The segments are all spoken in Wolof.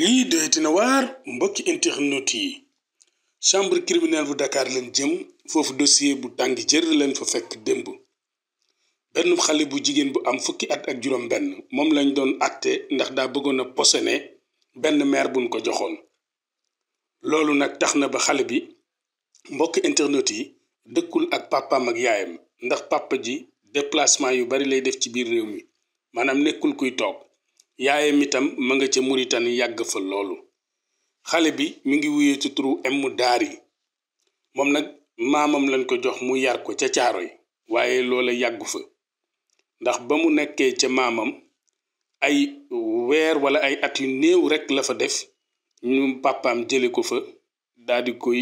lii doyati na waar mbokki internet yi chambre criminelle bu Dakar leen jëm foofu dossier bu tàng jër leen fa fekk démb benn xale bu jigéen bu am fukki at ak juróom benn moom lañ doon àtte ndax daa bëggoon a posone benn maire buñ ko joxoon loolu nag tax na ba xale bi mbokki internet yi dëkkul ak papaam ak yaayam ndax papa ji déplacement yu bari lay def ci biir réew mi maanaam nekkul kuy toog yaayam itam mu nga ca Mauritanie yàgg fa loolu xale bi mi ngi wuyee ci turu M Daari moom nag maamam lañ ko jox mu yar ko ca caaro yi waaye loola yàggu fa ndax ba mu nekkee ca maamam ay weer wala ay at yu néew rek la fa def ñu pàppaam jële ko fa daal di koy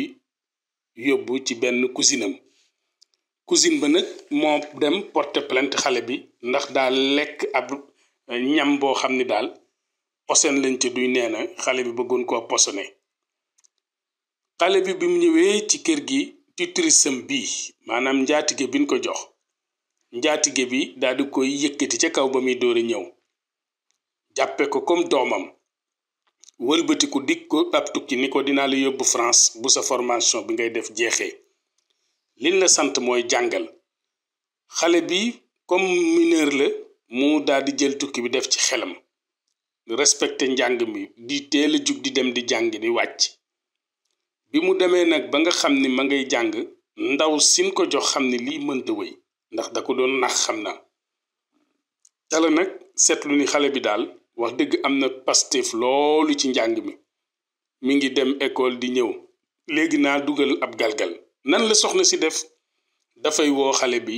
yóbbu ci benn cousinam cousine ba nag moo dem porter plainte xale bi ndax daal lekk ab Euh, ñam boo xam ni daal posen lañ ci duy nee na xale bi bëggoon koo posone xale bi bi mu ñëwee ci kër gi tutrisam bi maanaam njaatige biñ ko jox njaatige bi daal koy yëkkati ca kaw ba muy dóori ñëw jàppe ko comme doomam wëlbatiku dikk ko ab tukki ni ko dinaa la yóbbu France bu sa formation bi ngay def jeexee liñ la sant mooy jàngal xale bi comme mineur la mu daal di jël tukki bi def ci xelam respecté njàng mi di teel a jug di dem di jàng di wàcc bi mu demee nag ba nga xam ni ma ngay jàng ndaw sin ko jox xam ne lii mënta wéy ndax da ko doon nax xam naa tala nag seetlu ni xale bi daal wax dëgg am na pastéef loolu ci njàng mi mu ngi dem école di ñëw léegi naa dugal ab galgal nan la soxna si def dafay woo xale bi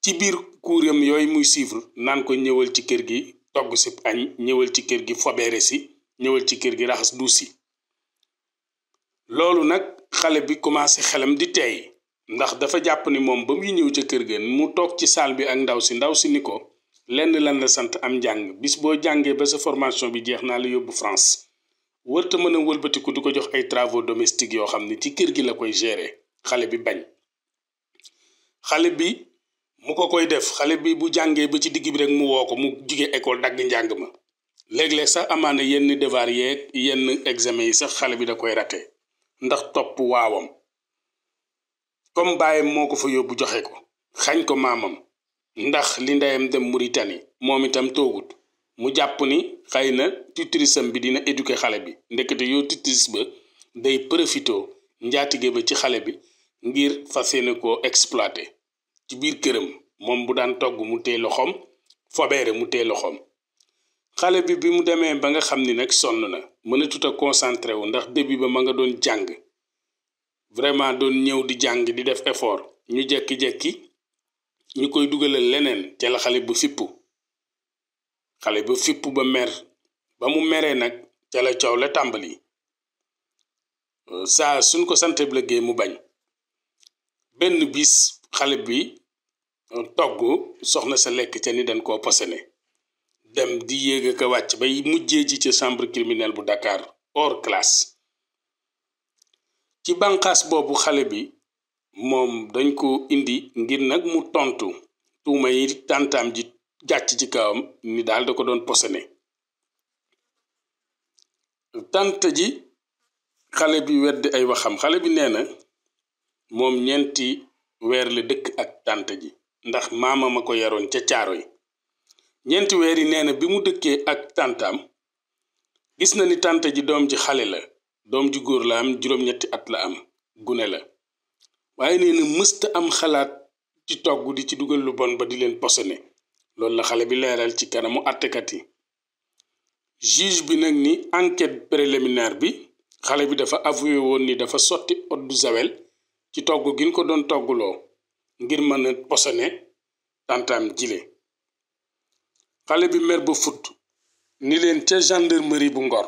ci biir kuuram yooyu muy suivre naan ko ñëwal ci kër gi togg si añ ñëwal ci kër gi fobeere si ñëwal ci kër gi raxas duus si loolu nag xale bi commencé xelam di teey ndax dafa jàpp ni moom ba muy ñëw ca kër ga mu toog ci saal bi ak ndaw si ndaw si ni ko lenn lan sant am njàng bis boo jàngee ba sa formation bi jeex naa la yóbbu France wërta mën a wëlbatiku di ko jox ay travaux domestiques yoo xam ne ci kër gi la koy gérer xale bi bañ xale bi mu ko koy def xale bi bu jàngee ba ci digg bi rek mu woo ko mu jugee école dagg njàng ma léeg-léeg sax amaana yenn devoir yeeg yenn examen yi sax xale bi da koy raté ndax topp waawam comme bàyyam moo ko fa yóbbu joxe ko xañ ko maamam ndax li ndeyam dem Mauritanie moom itam toogut mu jàpp ni xëy na tutrisam bi dina éduquer xale bi ndekete yoo tutris ba day profito njaatige ba ci xale bi ngir fas yéene koo exploité ci biir këram moom bu daan togg mu téye loxoom fobeere mu téye loxoom xale bi bi mu demee ba nga xam ni nag sonn na mënatut a concentré wu ndax début ba ma nga doon jàng vraiment doon ñëw di jàng di def effort ñu jekki-jekki ñu koy dugalal leneen ca la xale bu fippu xale ba fippu ba mer ba mu meree nag ca la coow la tàmbali saa suñ ko sante la lëggee mu bañ benn bis xale bi togg soxna sa lekk ca ni dañ koo posone dem di yéeg ak wàcc bay mujjee ci ca chambre criminelle bu Dakar hors classe ci bànqaas boobu xale bi moom dañ ko indi ngir nag mu tontu tuuma yi tàntaam ji gàcc ci kawam ni daal da ko doon posone tànt ji xale bi weddi ay waxam xale bi nee na moom ñeenti weer la dëkk ak tànt ji ndax maamam a ko yaroon ca caaro yi ñeenti weer yi nee na bi mu dëkkee ak tàntam gis na ni tànt ji doom ji xale la doom ji góor la am juróom-ñetti at la am gune la waaye nee na mësta am xalaat ci togg di ci dugal lu bon ba di leen posone loolu la xale bi leeral ci kanamu àttekat yi juge bi nag ni enquête préliminaire bi xale bi dafa avoué woon ni dafa sotti eau de javel ci togg gi ñu ko doon togguloo ngir mën a posone tantam jilee xale bi mer ba fut ni leen ca gendarmerie bu Ngor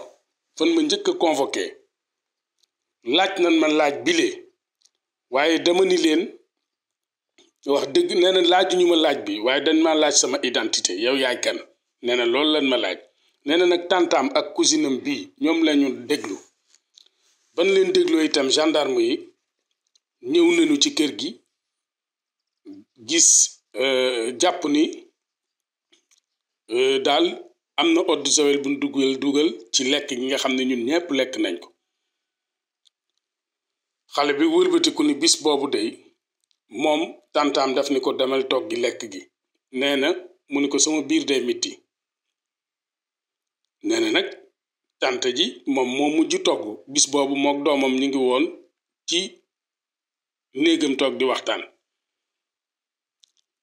fan ma njëkk a convoqué laaj nan ma laaj bile waaye dama ni leen wax dëgg nee laaj laajuñu ma laaj bi waaye dañ ma laaj sama identité yow yaay kan nee na loolu lan ma laaj nee na nag tantam ak cousinam bii ñoom lañu déglu ban leen dégloo itam gendarme yi ñëw nañu ci kër gi gis euh, jàpp ni euh, daal am na eau de javel bu ñu dugal dugal ci lekk gi nga xam ne ñun ñëpp lekk nañ ko xale bi wëlbatiku ni bis boobu day moom tàntaam def ni ko demal toog gi lekk gi nee na mu ni ko sama biir day mitti nee na nag tànt ji moom moo mujj togg bis boobu mook doomam ñu ngi woon ci néegam toog di waxtaan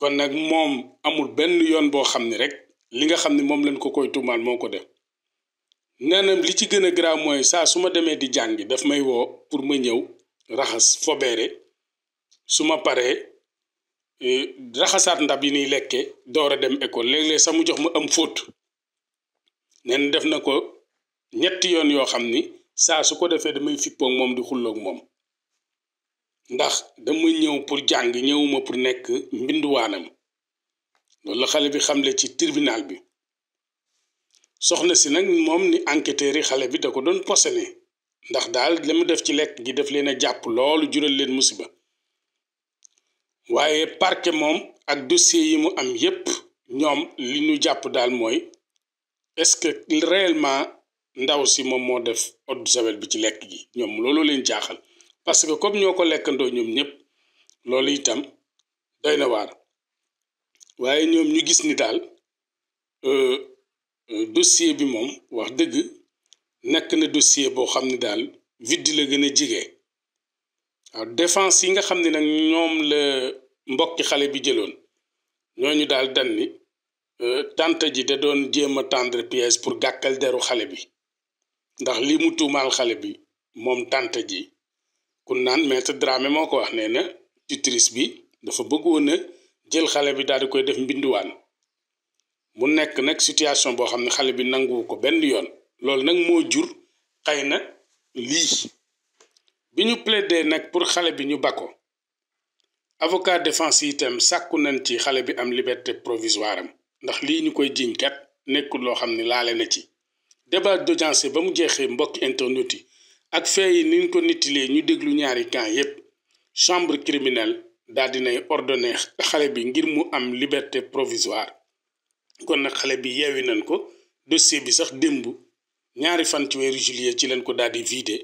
kon nag moom amul benn yoon boo xam ni rek li nga xam ni moom lañ ko koy tuumaal moo ko dem nee na li ci gën a grave mooy saa su ma demee di jàngi daf may woo pour ma ñëw raxas fobeere su ma paree eh, raxasaat ndab yi niy lekke door a dem école léeg-léeg sax mu jox ma am fóot nee def na ko ñetti yoon yoo xam ni saa su ko defee damay fippoog moom di xulloog moom ndax dama ñëw pour jàng ñëwuma pour nekk mbinduwaanam loolu xale bi xamle ci tribunal bi soxna si nag moom ni enquêteurs yi xale bi da ko doon posone ndax daal la mu def ci lekk gi daf leen a jàpp loolu jural leen musiba waaye parquet moom ak dossier yi mu am yépp ñoom li ñu jàpp daal mooy est-ce que réellement ndaw si moom moo def eau de bi ci lekk gi ñoom loolu leen jaaxal parce que comme ñoo ko lekkandoo ñoom ñëpp loolu itam doy na waar waaye ñoom ñu gis ni daal euh, euh, dossier bi moom wax dëgg nekk na dossier boo xam ne daal viddi la gën a jige waaw défense yi nga xam ne nag ñoom la mbokki xale bi jëloon ñoo ñu daal dan ni euh, tante ji da doon jéem a tendre pièce pour gàkkal deru xale bi ndax li mu tuumaal xale bi moom tante ji kun naan maître Dramé moo ko wax nee na tutrice bi dafa bëggoon a jël xale bi daal di koy def mbinduwaan mu nekk nag situation boo xam ne xale bi nanguwu ko benn yoon loolu nag moo jur xëy na lii bi ñu plaider nag pour xale bi ñu bako avocat défense yi itam sàkku nañ ci xale bi am liberté provisoire am ndax lii ñu koy jiñ kat nekkul loo xam ne laale na ci débat d'audience ba mu jeexee mbokki internet yi ak fee niñ ko nittilee ñu déglu ñaari camp yépp chambre criminelle daal dinay ordonné xale bi ngir mu am liberté provisoire kon nag xale bi yeewi nañ ko dossier bi sax démb ñaari fan ci weeru juillet ci leen ko daal di vidé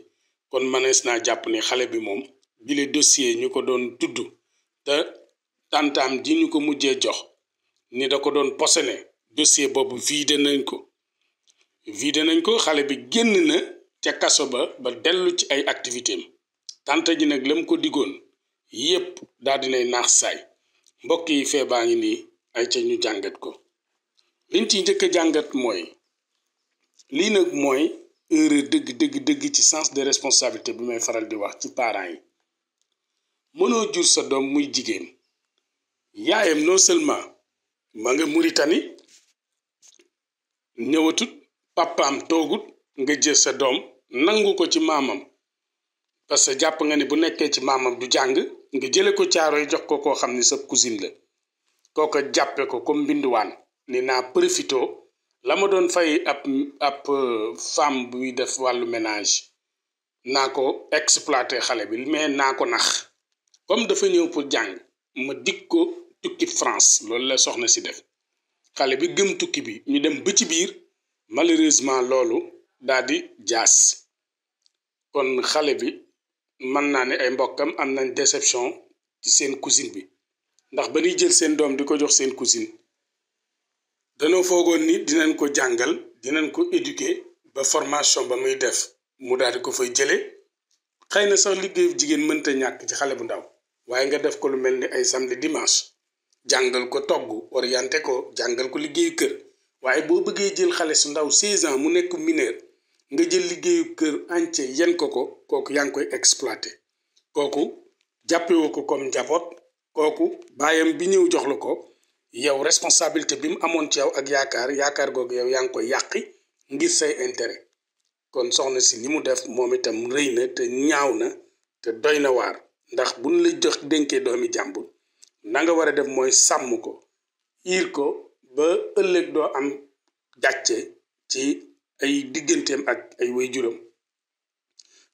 kon mënees naa jàpp ni xale bi moom bile dossier ñu ko doon tudd te tantaam ji ñu ko mujjee jox ni da ko doon posene dossier boobu vidé nañ ko vidé nañ ko xale bi génn na ca kaso ba ba dellu ci ay activité am tante ji nag lam ko diggoon yépp daal dinay naax saay mbokk yi fee baa ngi nii ay ca ñu jàngat ko liñ ci njëkk a jàngat mooy lii nag mooy erreur dëgg dëgg dëgg ci sens de responsabilité bi may faral di wax ci parents yi mënoo jur sa doom muy jigéen yaayam non seulement ma nga Mauritanie ñëwatut papaam toogut nga jël sa doom nangu ko ci maamam parce que jàpp nga ne bu nekkee ci maamam du jàng ngi jële ko caaro yi jox ko koo xam ni sa cousine la kooko jàppe ko comme mbinduwaan ni naa profito la ma doon fay ab ab euh, femme buy def wàllu ménage naa ko exploité xale bi mais naa ko nax comme dafa ñëw pour jàng ma dik ko tukki France loolu la soxna si def xale bi gëm tukki bi ñu dem ba ci biir malheureusement loolu di jaas kon xale bi mën naa ne ay mbokkam am na déception ci seen cousine bi ndax ba ñuy jël seen doom di ko jox seen cousine danoo foogoon ni dinañ ko jàngal dinañ ko éduquer ba formation ba muy def mu daal di ko fay jëlee xëy na sax liggéeyu jigéen mënta ñàkk ci xale bu ndaw waaye nga def ko lu mel ni ay samedi dimanche jàngal ko togg orienté ko jàngal ko liggéeyu kër waaye boo bëggee jël xale su ndaw 16 ans mu nekk mineur nga jël liggéeyu kër entier yan ko ko kooku yaa ngi koy exploité kooku jàppewu ko comme njaboot kooku bàyyam bi ñëw jox la ko yow responsabilité bi mu amoon ci yow ak yaakaar yaakaar googu yow yaa ngi koy yàqi ngir say intérêt kon soxna si li mu def moom itam rëy na te ñaaw na te doy na waar ndax buñ la jox dénkee doomi jàmbur nanga nga war a def mooy sàmm ko iir ko ba ëllëg doo am gàcce ci ay digganteem ak ay waajuram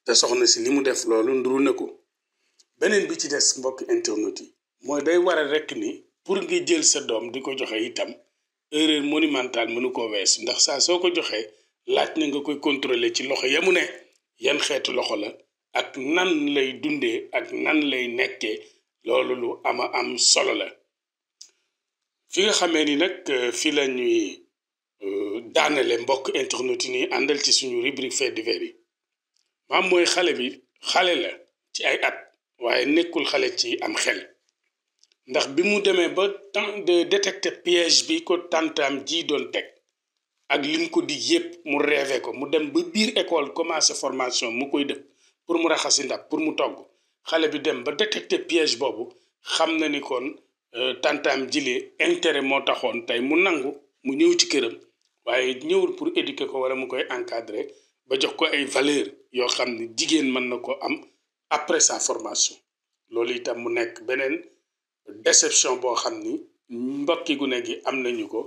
te soxna si li mu def loolu nduru na ko beneen bi ci des mbokk internet mooy day waral rekk ni pour nga jël sa doom di ko joxe itam erreur monumentale mënu koo wees ndax saa soo ko joxee laaj na nga koy contrôler ci loxo yamu ne yan xeetu loxo la ak nan lay dundee ak nan lay nekkee loolu lu ama am solo la fi nga xamee ni nag fi la ñuy daanale mbokk internet yi nii àndal ci suñu rubrique fait divers yi maam mooy xale bi xale la ci ay at waaye nekkul xale ci am xel ndax bi mu demee ba temps de détecter piège bi ko tantam ji doon teg ak lim ko dig yépp mu rêvé ko mu dem ba biir école commencé formation mu koy def pour mu raxas yi ndab pour mu togg xale bi dem ba détecter piège boobu xam na ni kon euh, tantam jile intérêt moo taxoon tey mu nangu mu ñëw ci këram waaye ñëwul pour éduquer ko wala mu koy encadrer ba jox ko ay valeur yoo xam ne jigéen mën na ko am après sa formation loolu itam mu nekk beneen déception boo xam ni mbokki gune gi am nañu ko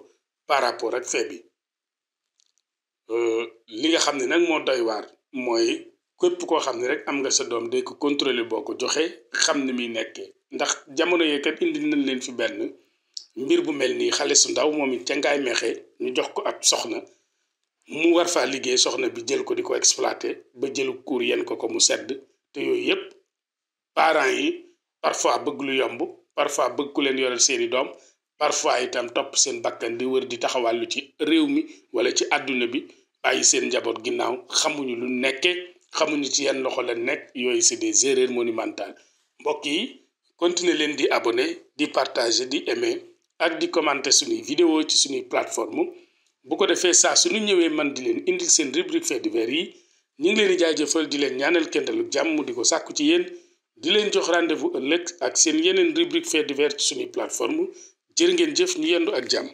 par rapport ak fee bi euh, li nga xam ne nag moo doy waar mooy képp koo xam ne rek am nga sa doom day ko contrôler boo ko joxee xam ni muy nekkee ndax jamono yee kat indi nañ leen fi benn mbir bu mel nii xale su ndaw moom it ca ngaay meexee ñu jox ko ak soxna mu war faa liggéey soxna bi jël ko di ko exploité ba jëlu kuur yenn ko ko mu sedd te yooyu yépp parents yi parfois bëgg lu yomb parfois bëgg ku leen yoreel seeni doom parfois itam topp seen bakkan di wër di taxawal lu ci réew mi wala ci àdduna bi bàyyi seen njaboot ginnaaw xamuñu lu nekkee xamuñu ci yenn loxo la nekk yooyu c'est des erreurs monumentales mbokk yi continuer leen di abonné di partager di emee ak di commenter suñuy vidéo ci suñuy plateforme bu ko defee saa suñu ñëwee man di leen indi seen rubrique fait yi ñu ngi leen di jaajëfal di leen ñaanal kendalu jàmm di ko sàkku ci yéen di leen jox rendez-vous ëllëg ak seen yeneen rubrique fait divers ci suñuy plateforme jër ngeen jëf ñu yendu ak jàmm